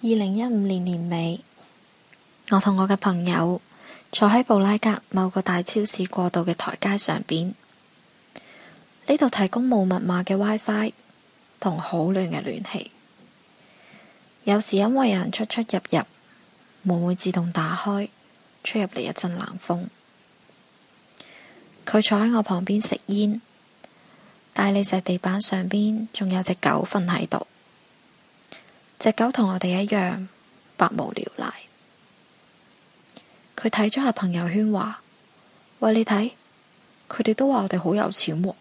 二零一五年年尾，我同我嘅朋友坐喺布拉格某個大超市過道嘅台階上邊，呢度提供冇密碼嘅 WiFi 同好暖嘅暖氣。有時因為有人出出入入，門會自動打開，吹入嚟一陣冷風。佢坐喺我旁邊食煙，大理石地板上邊仲有隻狗瞓喺度。隻狗同我哋一樣，百無聊賴。佢睇咗下朋友圈話：喂，你睇佢哋都話我哋好有錢啊。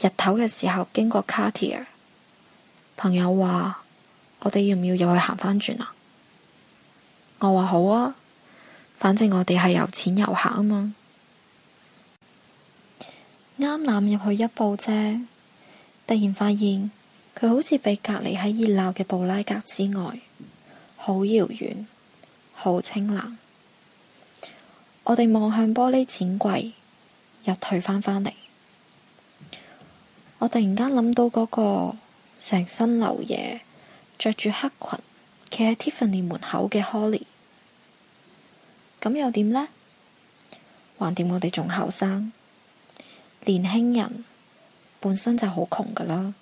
日頭嘅時候經過 Cartier，朋友話：我哋要唔要又去行返轉啊？我話好啊，反正我哋係有錢遊客啊嘛。啱攬入去一步啫，突然發現。佢好似被隔離喺熱鬧嘅布拉格之外，好遙遠，好清冷。我哋望向玻璃展櫃，又退翻返嚟。我突然間諗到嗰個成身流嘢，着住黑裙，企喺 Tiffany 門口嘅 Holly。咁又點呢？橫掂我哋仲後生，年輕人本身就好窮噶啦。